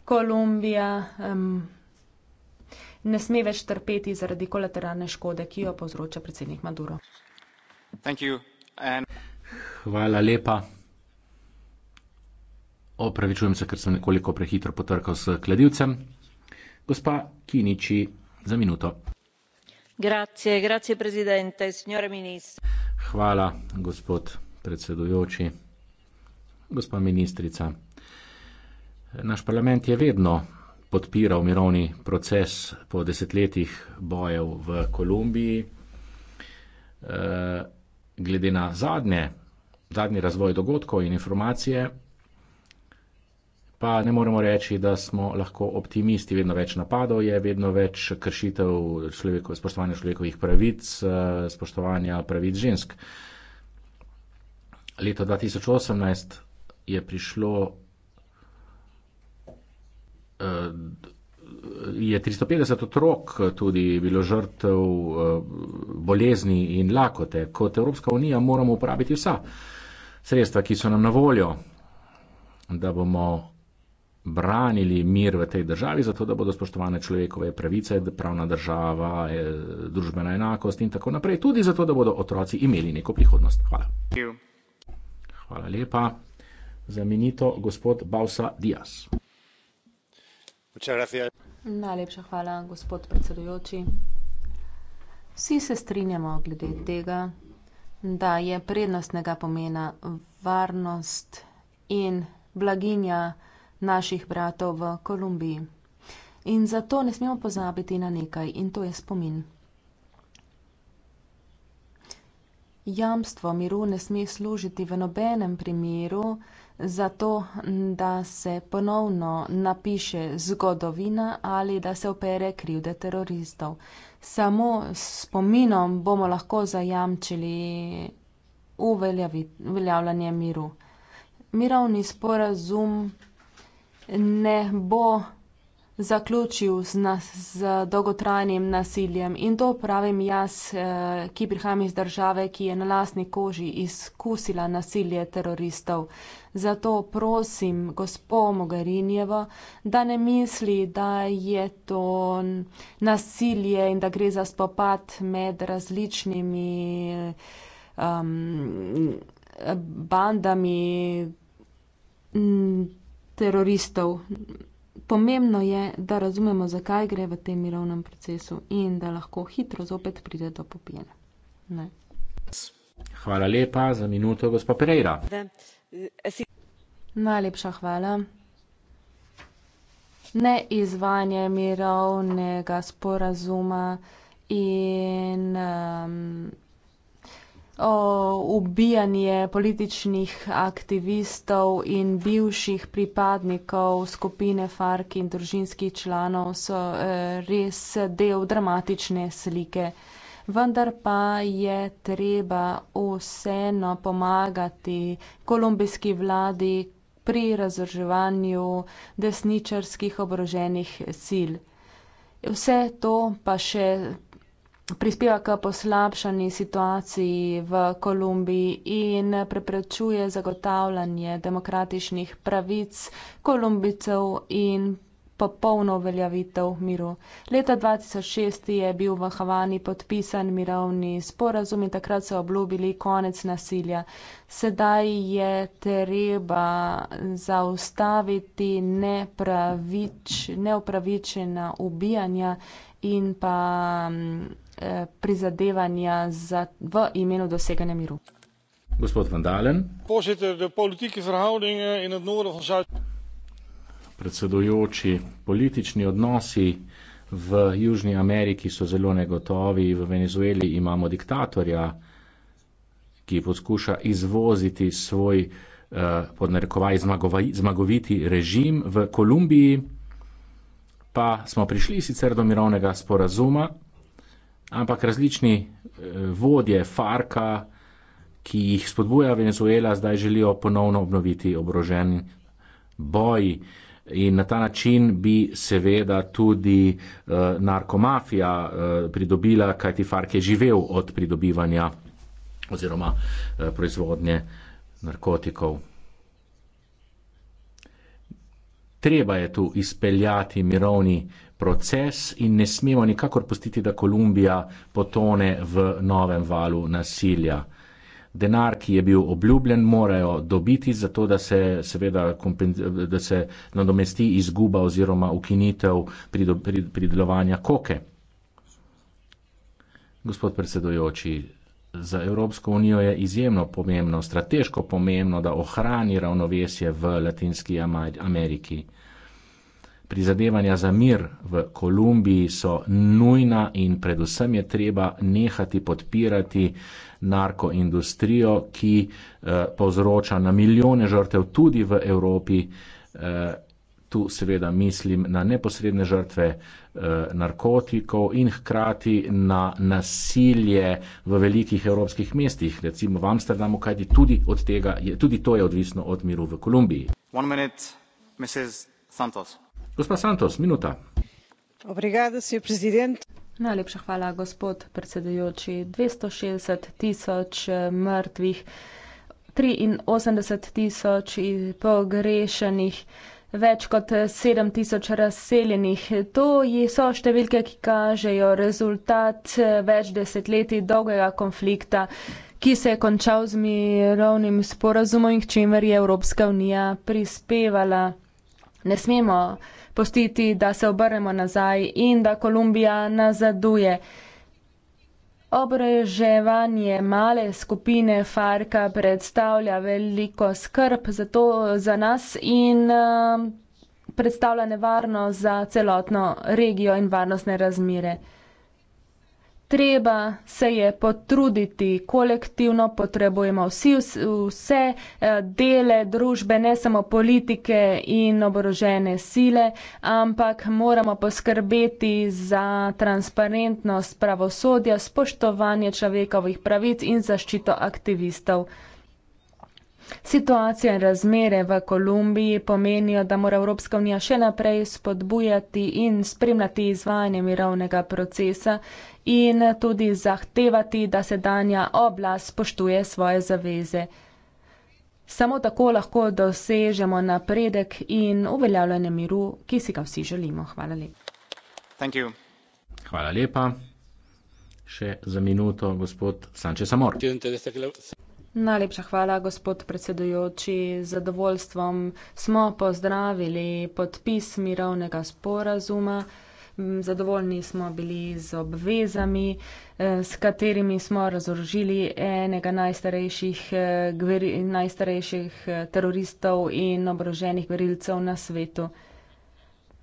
Kolumbija um, ne sme več trpeti zaradi kolateralne škode, ki jo povzroča predsednik Maduro. Hvala lepa. Opravičujem se, ker sem nekoliko prehitro potrkal s kladivcem. Gospa Kiniči, za minuto. Grazie, grazie, predsednik, signore ministre. Hvala, gospod predsedujoči. Gospa ministrica, naš parlament je vedno podpiral mirovni proces po desetletjih bojev v Kolumbiji. Eh, glede na zadnje, zadnji razvoj dogodkov in informacije, pa ne moremo reči, da smo lahko optimisti. Vedno več napadov je, vedno več kršitev človeko, spoštovanja človekovih pravic, eh, spoštovanja pravic žensk. Leto 2018 je prišlo. Eh, je 350 otrok tudi bilo žrtev eh, bolezni in lakote. Kot Evropska unija moramo uporabiti vsa sredstva, ki so nam na voljo, da bomo branili mir v tej državi, zato da bodo spoštovane človekove pravice, pravna država, eh, družbena enakost in tako naprej, tudi zato, da bodo otroci imeli neko prihodnost. Hvala. Hvala lepa. Zamenito gospod Bausa Dias. Najlepša hvala, gospod predsedujoči. Vsi se strinjamo glede tega, da je prednostnega pomena varnost in blaginja naših bratov v Kolumbiji. In zato ne smemo pozabiti na nekaj in to je spomin. Jamstvo miru ne sme služiti v nobenem primeru za to, da se ponovno napiše zgodovina ali da se opere krivde teroristov. Samo s spominom bomo lahko zajamčili uveljavljanje miru. Mirovni sporazum ne bo zaključil z, nas, z dolgotrajnim nasiljem. In to pravim jaz, eh, ki prihajam iz države, ki je na lastni koži izkusila nasilje teroristov. Zato prosim gospo Mogarinjevo, da ne misli, da je to nasilje in da gre za spopad med različnimi um, bandami teroristov. Pomembno je, da razumemo, zakaj gre v tem mirovnem procesu in da lahko hitro zopet pride do popijene. Ne. Hvala lepa za minuto, gospa Pereira. Najlepša hvala. Neizvajanje mirovnega sporazuma in um, o ubijanje političnih aktivistov in bivših pripadnikov skupine FARC in družinskih članov so eh, res del dramatične slike. Vendar pa je treba vseeno pomagati kolumbijski vladi pri razorževanju desničarskih obroženih sil. Vse to pa še prispeva k poslabšanju situaciji v Kolumbiji in preprečuje zagotavljanje demokratičnih pravic Kolumbicev in popolno uveljavitev miru. Leta 2006 je bil v Havani podpisan mirovni sporazum in takrat so obljubili konec nasilja. Sedaj je treba zaustaviti nepravič, neupravičena ubijanja in pa mm, Eh, prizadevanja za, v imenu doseganja miru. Gospod Vandalen. Voorzitter, de politieke verhoudingen in het noorden van Zuid. Predsedujoči, politični odnosi v Južni Ameriki so zelo negotovi, v Venezueli imamo diktatorja, ki poskuša izvoziti svoj eh, pod narekovaj zmagoviti režim. V Kolumbiji pa smo prišli sicer do mirovnega sporazuma, ampak različni eh, vodje Farka, ki jih spodbuja Venezuela, zdaj želijo ponovno obnoviti obrožen boj. In na ta način bi seveda tudi uh, narkomafija uh, pridobila, kaj ti Fark je živel od pridobivanja oziroma uh, proizvodnje narkotikov. treba je tu izpeljati mirovni proces in ne smemo nikakor pustiti, da Kolumbija potone v novem valu nasilja. Denar, ki je bil obljubljen, morajo dobiti, zato da se seveda da se nadomesti izguba oziroma ukinitev pridelovanja koke. Gospod predsedujoči, Za Evropsko unijo je izjemno pomembno, strateško pomembno, da ohrani ravnovesje v Latinski Ameriki. Prizadevanja za mir v Kolumbiji so nujna in predvsem je treba nehati podpirati narkoindustrijo, ki eh, povzroča na milijone žrtev tudi v Evropi. Eh, tu seveda mislim na neposredne žrtve eh, Eh, narkotikov in hkrati na nasilje v velikih evropskih mestih, recimo v Amsterdamu, kajti tudi, tega, tudi to je odvisno od miru v Kolumbiji. Minute, Santos. Gospa Santos, minuta. Obrigado, Najlepša hvala, gospod predsedujoči. 260 tisoč eh, mrtvih, 83 tisoč pogrešenih več kot 7000 razseljenih. To so številke, ki kažejo rezultat več desetletij dolgega konflikta, ki se je končal z mirovnim sporazumom in k čemer je Evropska unija prispevala. Ne smemo postiti, da se obrnemo nazaj in da Kolumbija nazaduje. Obraževanje male skupine Farka predstavlja veliko skrb za, to, za nas in uh, predstavlja nevarnost za celotno regijo in varnostne razmire treba se je potruditi, kolektivno potrebujemo vsi, vse eh, dele družbe, ne samo politike in oborožene sile, ampak moramo poskrbeti za transparentnost pravosodja, spoštovanje človekovih pravic in zaščito aktivistov. Situacija in razmere v Kolumbiji pomenijo, da mora Evropska unija še naprej spodbujati in spremljati izvajanje mirovnega procesa in tudi zahtevati, da se danja oblast spoštuje svoje zaveze. Samo tako lahko dosežemo napredek in uveljavljanje miru, ki si ga vsi želimo. Hvala lepa. Hvala lepa. Še za minuto, gospod Sanče Samor. Najlepša hvala, gospod predsedujoči. Z zadovoljstvom smo pozdravili podpis mirovnega sporazuma. Mm, zadovoljni smo bili z obvezami, eh, s katerimi smo razorožili enega najstarejših, eh, najstarejših eh, teroristov in obroženih gverilcev na svetu.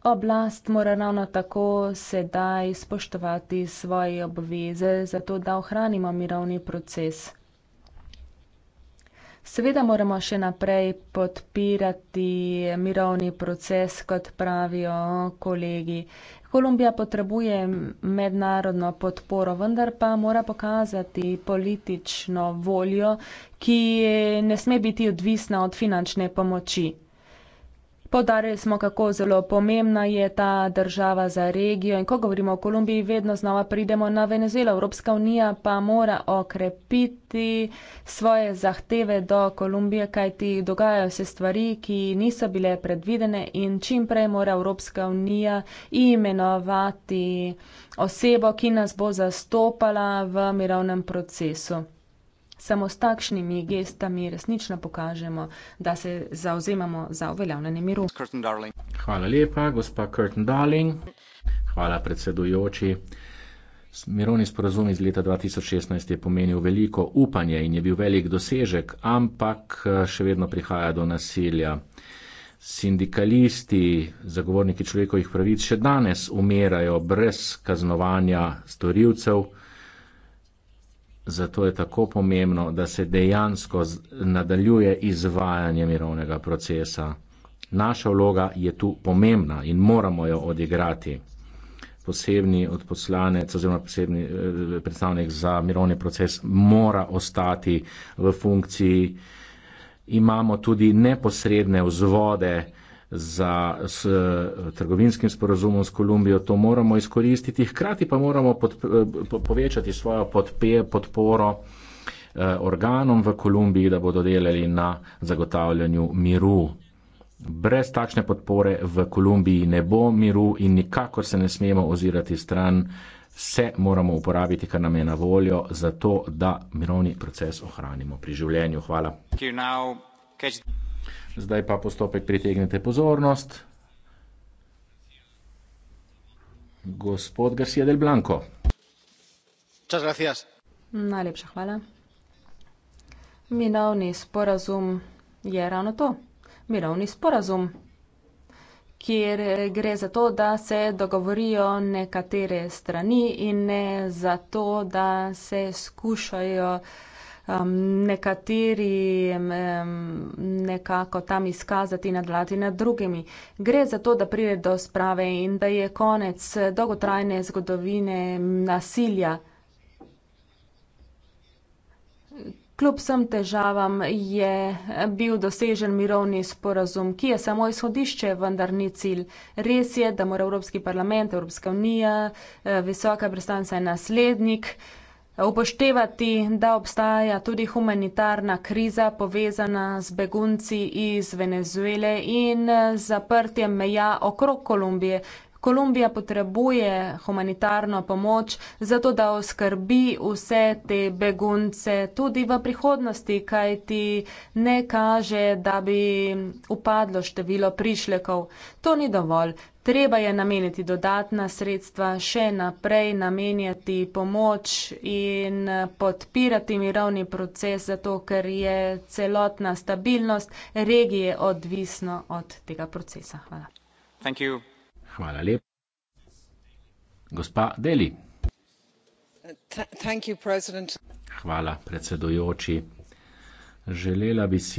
Oblast mora ravno tako sedaj spoštovati svoje obveze, zato da ohranimo mirovni proces. Seveda moramo še naprej podpirati mirovni proces, kot pravijo kolegi. Kolumbija potrebuje mednarodno podporo, vendar pa mora pokazati politično voljo, ki ne sme biti odvisna od finančne pomoči. Podarili smo, kako zelo pomembna je ta država za regijo in ko govorimo o Kolumbiji, vedno znova pridemo na Venezuelo. Evropska unija pa mora okrepiti svoje zahteve do Kolumbije, kaj ti dogajajo se stvari, ki niso bile predvidene in čim prej mora Evropska unija imenovati osebo, ki nas bo zastopala v mirovnem procesu. Samo s takšnimi gestami resnično pokažemo, da se zauzemamo za uveljavljanje miru. Hvala lepa, gospa Curtin Darling. Hvala, predsedujoči. Mirovni sporozum iz leta 2016 je pomenil veliko upanje in je bil velik dosežek, ampak še vedno prihaja do nasilja. Sindikalisti, zagovorniki človekovih pravic še danes umirajo brez kaznovanja storilcev. Zato je tako pomembno, da se dejansko nadaljuje izvajanje mirovnega procesa. Naša vloga je tu pomembna in moramo jo odigrati. Posebni odposlanec oziroma posebni eh, predstavnik za mirovni proces mora ostati v funkciji. Imamo tudi neposredne vzvode, za, s eh, trgovinskim sporozumom s Kolumbijo, to moramo izkoristiti. Hkrati pa moramo pod, eh, povečati svojo podpe, podporo eh, organom v Kolumbiji, da bodo delali na zagotavljanju miru. Brez takšne podpore v Kolumbiji ne bo miru in nikakor se ne smemo ozirati stran. Vse moramo uporabiti, kar nam je na voljo, zato da mirovni proces ohranimo pri življenju. Hvala. Zdaj pa postopek pritegnete pozornost. Gospod Garcia del Blanco. Najlepša hvala. Mirovni sporazum je ravno to. Mirovni sporazum, kjer gre za to, da se dogovorijo nekatere strani in ne za to, da se skušajo uh, um, nekateri um, nekako tam izkazati nad vladi nad drugimi. Gre za to, da pride do sprave in da je konec dolgotrajne zgodovine nasilja. Kljub vsem težavam je bil dosežen mirovni sporazum, ki je samo izhodišče, vendar ni cilj. Res je, da mora Evropski parlament, Evropska unija, eh, visoka predstavnica in naslednik Upoštevati, da obstaja tudi humanitarna kriza povezana z begunci iz Venezuele in zaprtjem meja okrog Kolumbije, Kolumbija potrebuje humanitarno pomoč, zato da oskrbi vse te begunce tudi v prihodnosti, kaj ti ne kaže, da bi upadlo število prišlekov. To ni dovolj. Treba je nameniti dodatna sredstva, še naprej namenjati pomoč in podpirati mirovni proces, zato ker je celotna stabilnost regije odvisna od tega procesa. Hvala. Thank you. Hvala lepa. Gospa Deli. Hvala, predsedujoči. Želela bi si.